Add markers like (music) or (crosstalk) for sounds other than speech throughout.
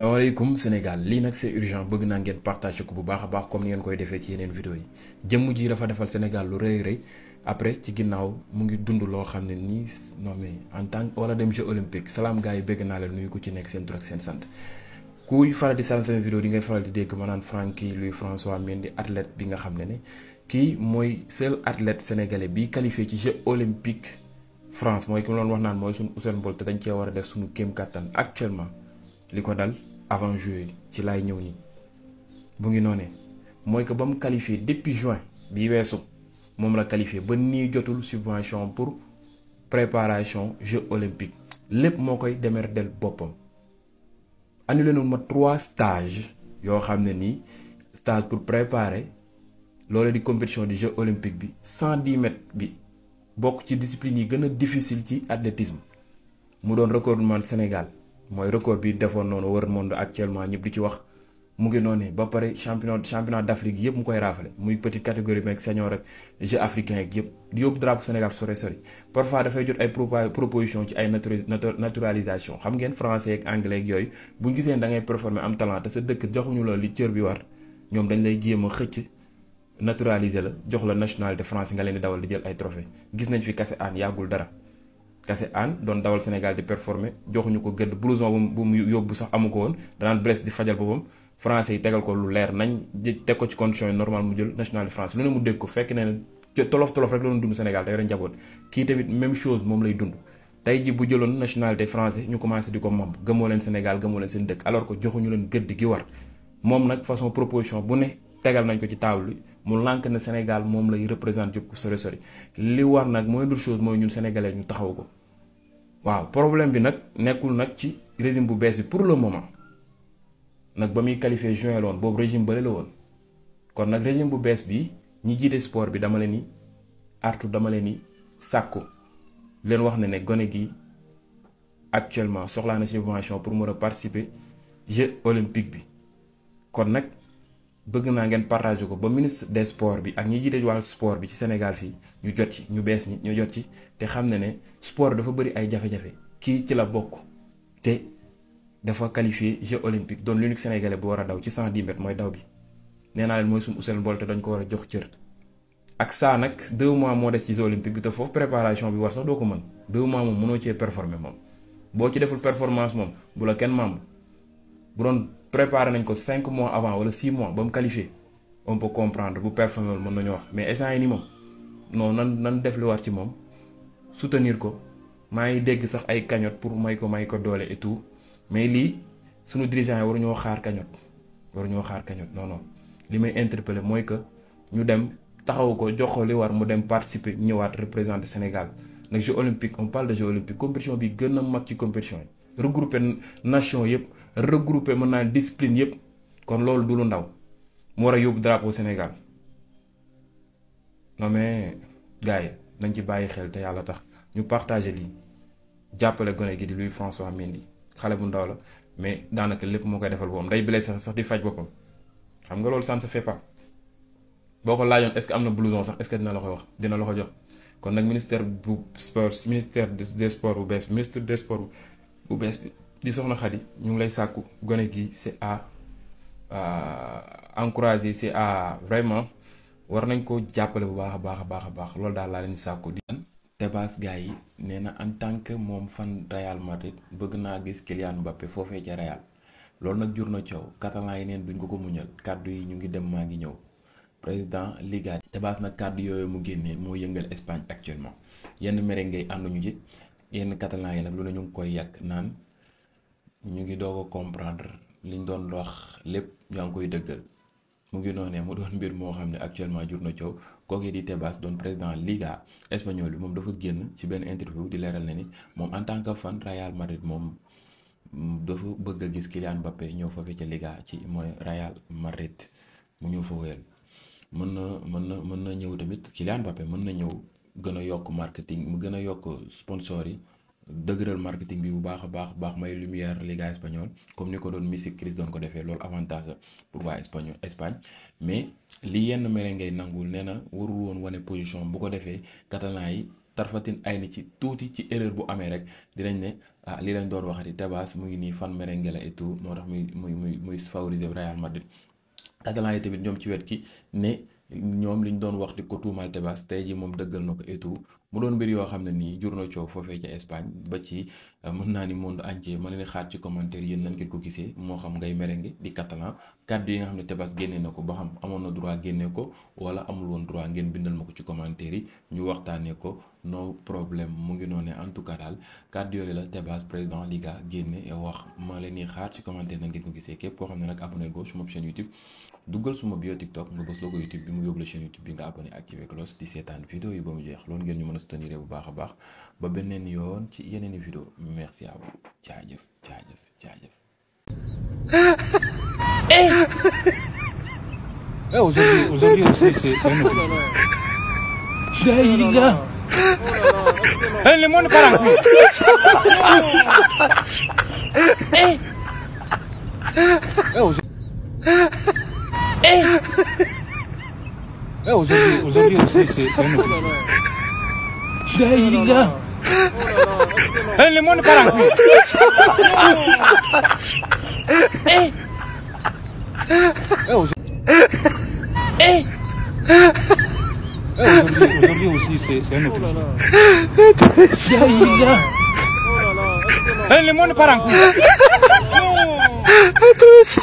salaamaaleykum Sénégal lii nag c'est urgent bëgg naa ngeen partager ko bu baax a baax comme ni ngeen koy defee ci yeneen vidéo yi jëmm ji dafa defal Sénégal lu rëy rëy après ci ginnaaw mu ngi dund loo xam ne nii non en tant que wala dem jeu olympique salaam gars yi bëgg naa leen nuyu ko ci nekk seen tur seen sant. kuy faral di seetaan sama vidéo di ngay faral di dégg ma naan Francky Louis François Mendy athlète bi nga xam ne ne kii mooy seul athlète sénégalais bi qualifié ci jeu France mooy ki ma wax naan mooy suñu Usain Bolt dañ cee war a def suñu kéem kattan actuellement li ko dal. avant juillet ci laay ñëw nii bu ngi noonee mooy que ba mu qualifié depuis juin bi weesu moom la qualifié ba nii jotul subvention pour préparation jeux olympiques lépp moo koy demer del boppam annulé na ma trois stages yoo xam ne nii stage pour préparer loolu di compétition du jeu olympique bi cent dix bi bokk ci discipline yi gën a difficile ci athlétisme mu doon recordman Sénégal mooy record bi defoon noonu war monde actuellement ñëpp di ci wax mu ngi noonu ba pare championnat championnat d' Afrique yëpp mu koy raafale muy petite catégorie meeg senior rek jeu africain yeeg yëpp di yóbbu drapeau Sénégal sore sori parfois dafay jot ay proposition ci ay naturalisation xam ngeen français ak anglais yooyu bu gisee da ngay performer am talent sa dëkk joxuñu la li cër bi war ñoom dañ lay jéem a xëcc naturaliser la jox la nationalité France nga leen dawal di jël ay trophée gis nañ fi kase aan yàggul dara. kase aan doon dawal Sénégal di performer joxuñu ko gëdd blouson bu mu yóbbu sax amu ko woon danaan blesse di fajal boppam français yi tegal ko lu leer nañ teg ko ci condition yi normal mu jël nationalité France lu ne mu dégg ko fekk ne ne tolof tolof rek la doon dund Sénégal da yore njaboot kii tamit moom lay dund tey ji bu jëloon nationalité français ñu commencé di ko moom gëmoo leen Sénégal gëmoo leen seen dëkk alors que joxuñu leen gëdd gi war moom nag façon bu ne tegal nañ ko ci table bi mu lànk na Sénégal moom lay représente jub ko sori mooy dul mooy ñun sénégalais ñu taxaw ko waaw problème bi nag nekkul nag ci résime bu bees bi pour le moment nag ba muy qualifié juin la woon boobu régime bële la woon kon nag régime bu bees bi ñi jiite sport bi dama leen ni artu dama leen ni sàkku leen wax na ne gone gi actuellement soxlaa na subvention pour mën a participer jeu olympique bi kon nag bëgg naa ngeen partagé ko ba ministre de sports bi ak ñi jiite wàllu sport bi ci Sénégal fii ñu jot ci ñu bees ñi ñu jot ci te xam ne ne sport dafa bëri ay jafe-jafe kii ci la bokk te dafa qualifié Jeux olympiques doon l'unique sénégalais bu war a daw ci cent dix mooy daw bi nee naa leen mooy suñu Usain Bolt te dañ ko war a jox cër. ak saa nag deux mois moo des ci Jeux olympiques bi te foofu préparation bi war sax doo ko mën deux mois moom mënoo cee performer moom boo ci deful performance moom bu kenn membre préparé nañ ko cinq mois avant wala six mois ba mu qualifié on peut comprendre bu performé wul mën nañu wax mais instant ni nii moom non nan nan def li war ci moom soutenir ko maa ngi dégg sax ay cagnotte pour may ko may ko doole et tout mais lii suñu dirigeant yi waruñoo xaar cagnotte waruñoo xaar cagnotte non non li may interpellé mooy que ñu dem taxaw ko jox ko li war mu dem participer ñëwaat représenter Sénégal nag Jeux olympiques on parle de Jeux olympiques compétition bi gën a mag ci compétition yi. regroupé nation yëpp regroupé mën naa discipline yëpp kon loolu du ndaw mu war a yóbbu drapeau Sénégal non mais gars yi nañ ci bàyyi xel te yàlla tax ñu partagé lii jàppale gone gi di Louis François Mendy xale bu ndaw la mais daanaka lépp moo koy defal boppam day blessé sax sax di faj boppam xam nga loolu ça ne fait pas boo ko laajoon est-ce que am na blouson sax est-ce dina la ko wax dina la ko jox kon nag ministère bu sport ministère de sports bu bees ministre de sports bu bees bi di soxna Xadi ñu ngi lay sàkku gone gi c'est à encourager c'est à vraiment war nañ ko jàppale bu baax a baax a baax a baax loolu daal laa leen sàkku di Tebas gars yi nee na en tant que moom fan Real Madrid bëgg naa gis Kylian Mbappé foofee ca Real loolu nag jur na coow catalan yi neen duñ ko ko muñal kàddu yi ñu ngi dem maa ngi ñëw président Liga Tebas nag kàddu yooyu mu génnee moo yëngal Espagne actuellement yenn merengue yi ànduñu ji yenn catalan yi nag lu ne ñu ngi koy yàq naan ñu ngi doog a comprendre ñu doon wax lépp ñu ngi koy dëggal mu ngi noonee mu doon mbir moo xam ne actuellement jur na coow kooku di Tebas doon président Liga espagnol bi moom dafa génn ci benn interview di leeral na ni moom en tant que fan Real Madrid moom dafa bëgg a gis Kylian Mbappé ñëw fa ca Liga ci mooy Real Madrid mu ñëw foofeel mën na mën na mën na ñëw tamit Kylian Mbappé mën na ñëw. gën a yokk marketing mu gën a yokk sponsor yi dëgëral marketing bi bu baax a baax baax may lumière Liga espagnole comme ni ko doon Messi Chris doon ko defee loolu avantage la pour waa espagnol mais li yenn mere ngay nangul nee na warul woon wane position bu ko defee catalan yi tarfatin ay ni ci tuuti ci erreur bu amee rek dinañ ne ah li lañ doon waxati Tebas mu ngi nii fan merengue la et moo tax muy muy muy muy favoriser Real Madrid catalan yi tamit ñoom ci wet ñoom li ñu doon wax di ko tuumal Tebas tey ji moom dëggal na ko et mu doon mbir yoo xam ne nii jur na coow foofee ca Espagne ba ci Euh, mën naa ni monde entier ma leen xaar ci commentaire yéen nan ngeen ko gisee moo xam ngay merengue di catalan kàddu yi nga xam ne Tebas génne na ko ba xam amoon na droit génne ko wala ma ko ci commentaire ñu waxtaanee ko no problème mu ngi noonee en tout cas daal kàddu yooyu la Tebas président Liga génne wax ma leen xaar ci commentaire nan ngeen ko gisee képp koo xam ne nag abonné go suma chaîne YouTube duggal suma bio TikTok nga bës logo YouTube bi mu yóbbu la chaîne YouTube bi nga abonné activé cloche di seetaan vidéo yi ba mu jeex loolu ngeen ñu mën a soutenir bu baax a baax ba beneen yoon ci yeneen i merci à vous jaajëf jaajëf jaajëf. eh. eh aujourd'hui aujourd'hui aussi (laughs) c'est une. Daïla. Eh le monde part en couille. Eh. Eh, eh. Eh aujourd'hui aujourd'hui aussi c'est une. Daïla. Oh Hey, le monde parle. Hey. Hey. Aujourd'hui aussi, c'est un autre. Oh le monde part en couille. Trouve ça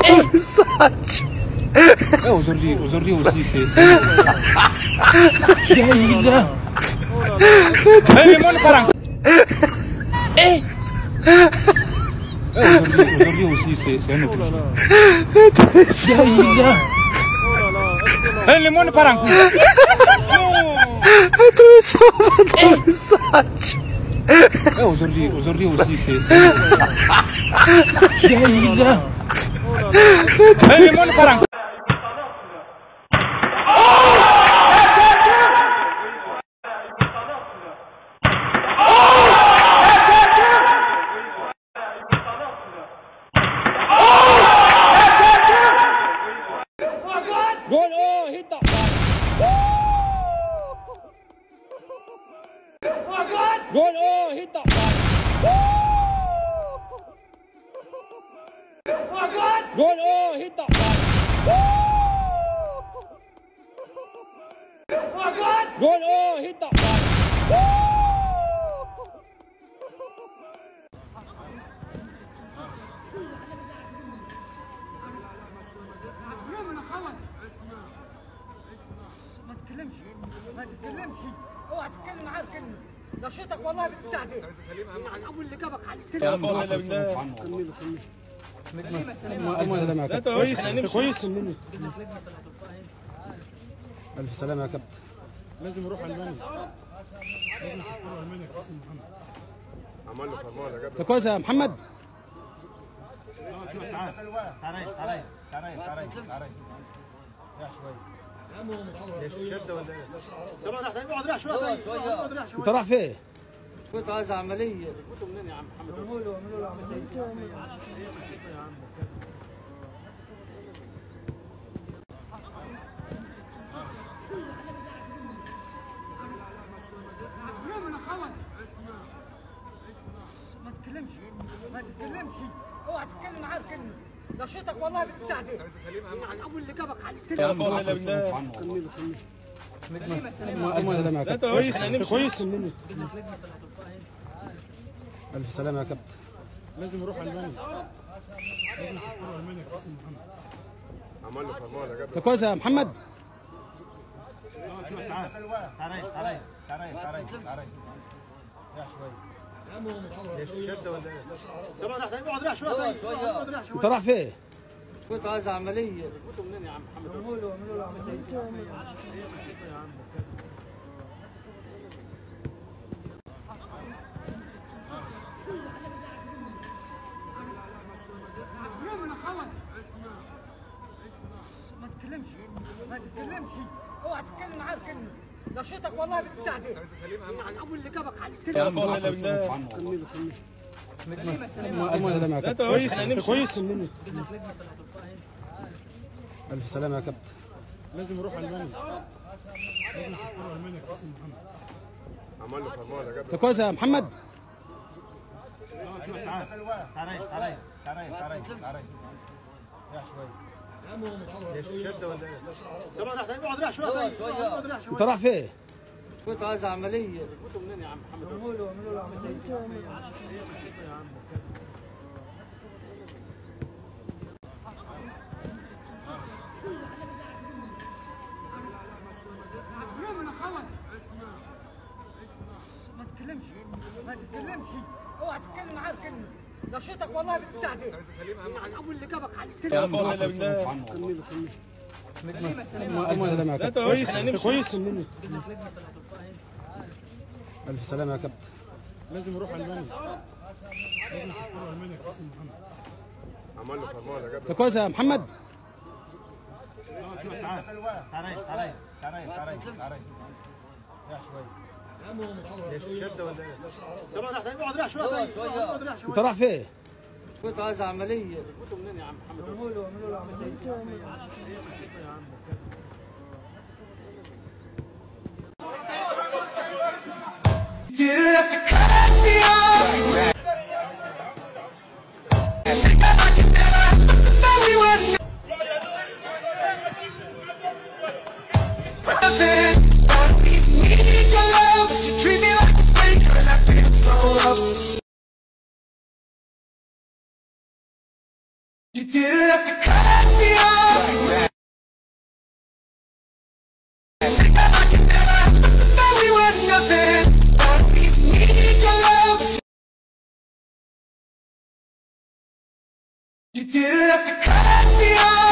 dans le Aujourd'hui, aujourd'hui aussi, c'est. Oh là là. le monde part en couille. Eh Aujourd'hui aussi, c'est un autre. Oh là là. Le monde part en couille. Non. Tout ça va dans Aujourd'hui, (laughs) aujourd'hui aussi, c'est. Le monde part en One, oh, hit that one. Oh, God. One, oh, hit that one. ما تتكلمش ما تتكلمش اوعى تتكلم معاه بكلمه نشيطك والله بتاعتي ابو اللي جابك عليك كمله كمله ألف سلامة يا كابتن كويس كويس ألف سلامة يا كابتن لازم يروح ألمانيا لازم يروح ألمانيا كابتن محمد عمل له فرمان يا كابتن كويس يا محمد تعال تعال تعال تعال تعال شوية شدة ولا ايه؟ طبعا راح يقعد راح شوية طيب يقعد راح شوية انت رايح فين؟ كنت عايز عمليه جبتوا منين يا عم محمد اعملوا اعملوا له عمليه اسمع اسمع ما تتكلمش ما تتكلمش اوعى تتكلم معاه كلمه نشيطك والله بتاعتي عن اول اللي جابك على التليفون يا عم ألف سلامة يا كابتن كويس كويس ألف سلامة يا كابتن لازم نروح ألمانيا لازم نشوف كورة ألمانيا كابتن محمد عمل له كويس يا محمد تعال تعال تعال تعال تعال تعال يا شوية شدة ولا ايه؟ طبعا احنا نقعد نريح شوية طيب نقعد نريح شوية انت رايح فين؟ كنت عايز عمليه جبتوا منين يا عم محمد اعملوا اعملوا له عمليه اسمع اسمع ما تتكلمش ما تتكلمش اوعى تتكلم معاه بكلمه نشيطك والله بتاعتي اول اللي جابك على التليفون كويس كويس الف سلامه يا كابتن لازم نروح المانيا عملنا فرمان يا كابتن كويس يا محمد تعال تعال تعال تعال تعال يا شويه طبعا راح شويه طيب راح فين؟ كنت عايز عمليه بتموتوا منين يا عم محمد اعملوا له اعملوا له عمليه يا عم ما تتكلمش ما تتكلمش اوعى تتكلم معاه بكلمه نشيطك والله بتاعتي ابو اللي جابك عليك يا الله كمله كمله ألف سلامة يا كابتن كويس كويس ألف سلامة يا كابتن لازم يروح ألمانيا لازم يروح ألمانيا كابتن محمد عمل كويس يا محمد تعال تعال تعال تعال تعال شوية شدة ولا ايه؟ طبعا راح تقعد راح شوية طيب اقعد راح شوية انت رايح فين؟ كنت عايز عمليه جبتوا منين يا عم محمد اعملوا اعملوا له عمليه Didn't have to cut me off. You didn't have to cut me off.